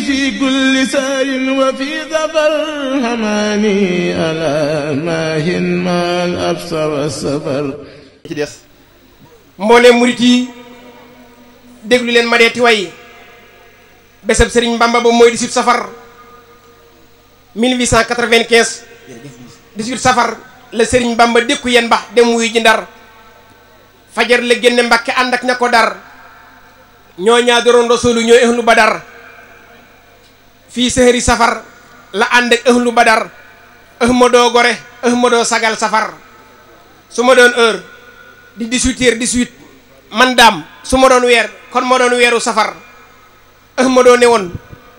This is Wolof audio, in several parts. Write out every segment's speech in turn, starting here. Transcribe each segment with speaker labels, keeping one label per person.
Speaker 1: في كل سار murit yi déglu leen ma deeti
Speaker 2: way bésab Sëriñ Mbamba ba mooy 18 safar 1895 18 safar la Sëriñ Mbamba dékku yéen ba dem wuy ji Ndar fajar la génne Mbàkke ànd ak ña ko dar ñoo ñaa doroon rasulu ñoo ehlu Badar fii sehri safar la ànd ak ahlu badar ahmadoo gore ahmadoo sagal safar su ma doon heure di 18 heures man daam su ma doon weer kon ma doon weeru safar ahmadoo ne woon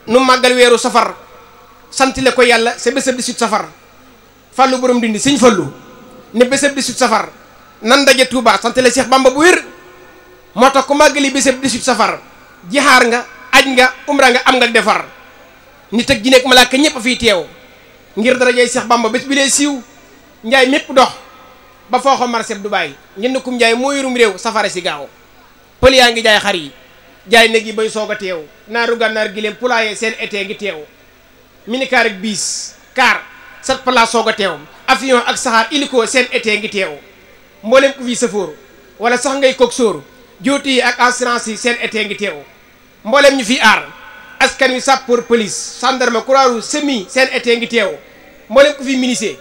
Speaker 2: nu màggal weeru safar sant ko yàlla sa bésab 18 safar fàllu borom dindi siñ fàllu ne bésab 18 safar nan daje Touba sant le Cheikh Bamba bu wér moo tax ku màggali bésab 18 safar jixaar nga aj nga umra nga am nga defar nit ak jinne ak malaaka ñëpp a fiy teew ngir darajay Seex Bamba ba bi lee siiw njaay mépp dox ba fooxo marché Dubaay ñenn kum njaay moo yorum réew safara si gaaw pël yaa ngi jaay xar yi jaay nag yi bay soog a teew naaru gànnaar gileem poulailler seen été ngi teew minicar ak biis car sat pala soog a teew avion ak saxaar hélico seen été ngi teew mboolem ku fi sëfoor wala sax ngay coxeur jooti yi ak assurance yi seen été ngi teew mboolem ñu fi aar askan wi sapeur police gendarme Croix-Rouge semi seen été ngi teew mboolem ku fi menuisier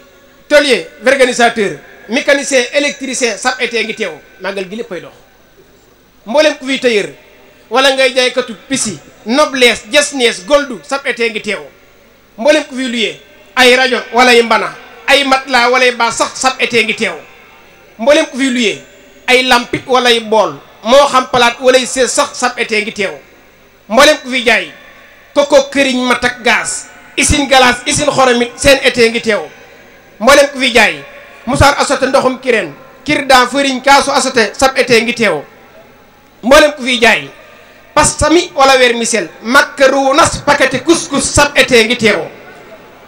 Speaker 2: tôlier organisateur mécanicien électricien sab été ngi teew màggal gi léppay dox mboolem ku fi tailleur wala ngay jaaykatu pisi noblesse jesnees goldu sab été ngi teew mboolem ku fi luyee ay rajo wala ay mbana ay matelas wala ay ba sax sab été ngi teew mboolem ku fi luyee ay lampit wala ay bool moo xam palaat wala sees sax sab été ngi teew mboolem ku fi jaay koko këriñ ma tak gaz isin galaas isin xoromit seen été ngi teew mboolem ku fi jaay musaar asote ndoxum kireen kir daa fëriñ kaasu asote sab été ngi teew mboolem ku fi jaay pastami wala weer misel makkaruunas paketi kus-kus sab été ngi teew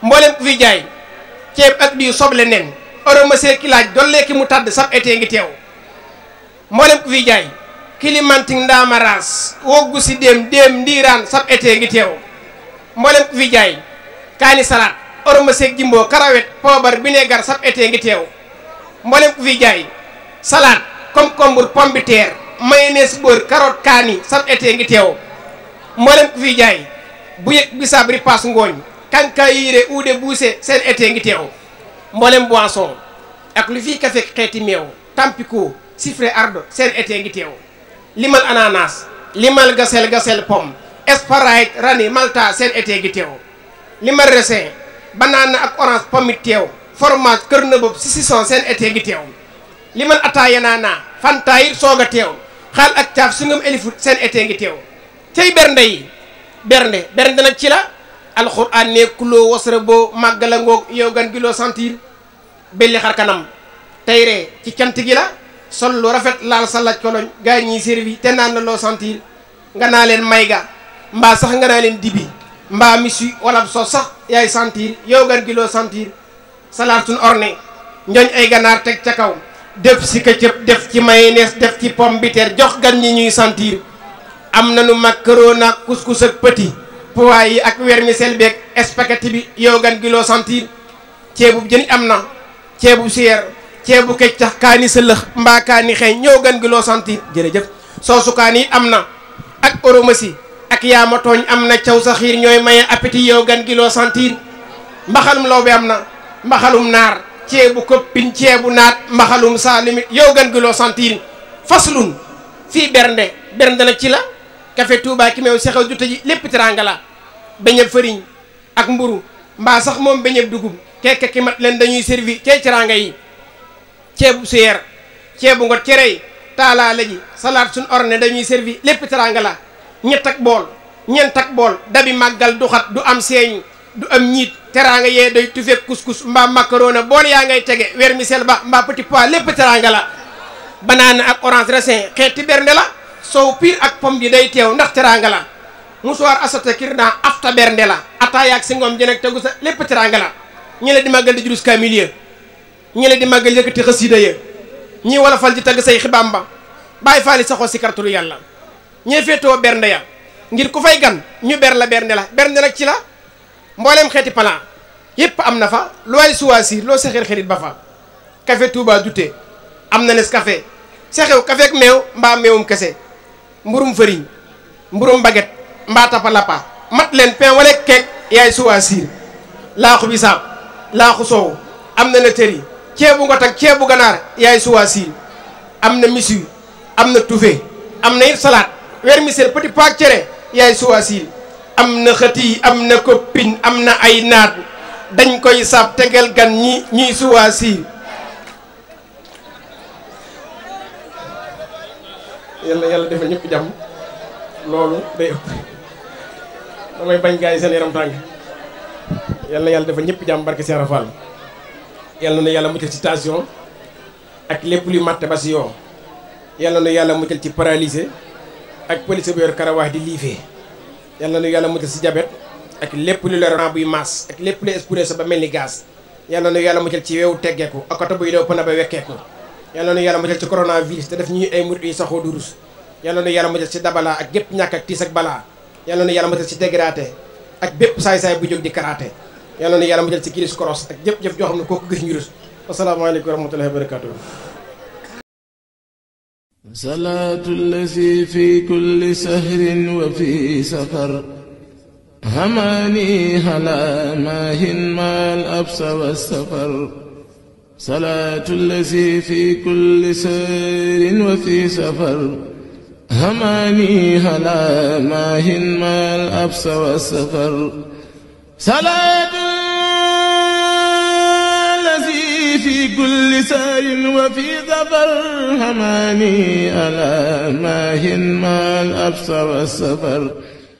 Speaker 2: mboolem ku fi jaay ceeb ak di soble nen oromase ki laaj dolleeki mu tàdd sab été ngi teew mboolem ku fi jaay kilimanting ndaama raas woggu si déem déem ndiiraan sab été ngi teew mboolem ku fi jaay kaani salaat oroma seeg jimbo karawet poobar bineegar sab été mboolem ku fi salaat concombre pomme de terre mayonnaise kaani sab été mboolem ku fi jaay bu yëg bisaab ripaas ngooñ kanka uude buuse seen été ngi teew mboolem boisson ak lu fi kafek xeeti meew tampiko sifre ardo seen été ngi teew limal ananas limal gasel gasel pomme Sprite rani malta seen été gi teew limal raisin banane ak orange pomme teew fromage kër na bopp si sison seen été gi teew limal ataaya naana fanta it soog a teew xaal ak caaf su ngam elifut seen été ngi teew tey bernde yi bernde bernde nag ci la alxuraan ne kuloo wasra boo màggala ngoog yow gan gi loo belli xar tey ree ci cant gi la sol lu rafet laal sa laaj koloñ gars yi ñuy servi te naan la loo sentir nga naa leen may ga mbaa sax nga naa leen dibi mbaa mi misi wala so sax yaay sentir yow gan gi loo sentir salaatun orné njoñ ay ganaar teg ca kaw def si këccëb def ci mayonnaise def ci pom de jox gan ñi ñuy sentir am nañu macaroni ak couscous ak petit pois yi ak vermicelle beeg spaghetti bi yow gan gi loo sentir ceebub jën am na ceebub siyeer ceebu kecc tax kaani sëllëx mbaa kaani xeeñ ñëw gan gi loo sant jërëjëf soosu kaani am na ak oromasi ak yaama tooñ am na caw sa xiir ñooy maye appétit yow gan gi loo sentir mbaxalum law bi am na mbaxalum naar ceebu koppin ceebu naat mbaxalum saalimit yow gan gi loo faslun fii bernde bernde na ci la café Touba ki meew sexew jutta ji lépp teraanga la beñeb fëriñ ak mburu mbaa sax moom beñeb dugub keke ki mat leen dañuy servi cey teraanga yi ceebu suyeer ceebu nga cere yi ji salaat suñ orne dañuy servi lépp teraanga la ñett bool ñeent ak bool dabi màggal du xat du am seeñ du am ñiit teraanga yee day tufeeg couscous mbaa macarona bool yaa ngay tege sel ba mbaa petit pois lépp teraanga la banaana ak orange raisin xeeti bernde la soow piir ak pom bi day teew ndax teraanga la musuwaar asata kir naa afta bernde la ataayaak si ngoom ji nag tegu sa lépp teraanga la ñu ne di màggal ñi di màggal yëkkati xasiida ya ñii wala fal di tagg say xibaam ba bàyyi faali saxoo si kartulu yàlla ñee féetoo bernde ya ngir ku fay gan ñu ber la bernde la bernde nag ci la mbooleem xeeti plan yépp am na fa lu waay suwaasi loo sexeer xerit ba fa café Touba dute am na nes café sexew café ak meew mbaa meewum kese mburum fëriñ mburum baguette mbaa tapa lappa mat leen pain wala keek yaay suwaasiir laaxu bisaab laaxu soow am na la tëri ceebu ngotak ceebu ganaar yaay suwaasiin am na misiw am na tufe am na it salaat vermicelle petit paak cere yaay suwaasiin am na xëti am na koppin am na ay naat dañ koy saab tegal gan ñi ñuy suwaasiin yàlla yàlla defa ñëpp jàmm loolu day damay bañ gaa yi seen yaram tàng yàlla yàlla defal ñëpp jàmm barke Seera Fall yàlla na yàlla muccal ci tension ak lépp luy matt ba si yoon yàlla na yàlla muccal ci paralysé ak police bu yor karawaax di liifee yàlla na yàlla muccal si jabet ak lépp lu lerant buy maas ak lépp lu expiré sa ba mel ni gaz yàlla na yàlla muccal ci weewu teggeeku ak oto buy daw pëna ba wekkeeku yàlla na yàlla muccal ci coronavirus te def ñuy ay murit yi saxoo durus yàlla na yàlla muccal ci dabala ak gépp ñàkk ak tiis ak balaa yàlla na yàlla muccal ci dégraté ak bépp saay-saay bu jóg di karaté yàlla na yàlla mu jël ci kiris koros ak jëf-jëf joo xam ne kooku gis ñu rus asalaamaaleykum wa rahmatullahi wa barakaatu
Speaker 1: salaatu llazi fi kulli sahrin wa fi safar hamani hala maahin maal absa wa safar salaatu llazi fi kulli sahrin wa fi safar hamani hala maahin maal absa wa safar salaat allazi fi kulli saarin wa fi safar hamaani ala maahin maal absa wa safar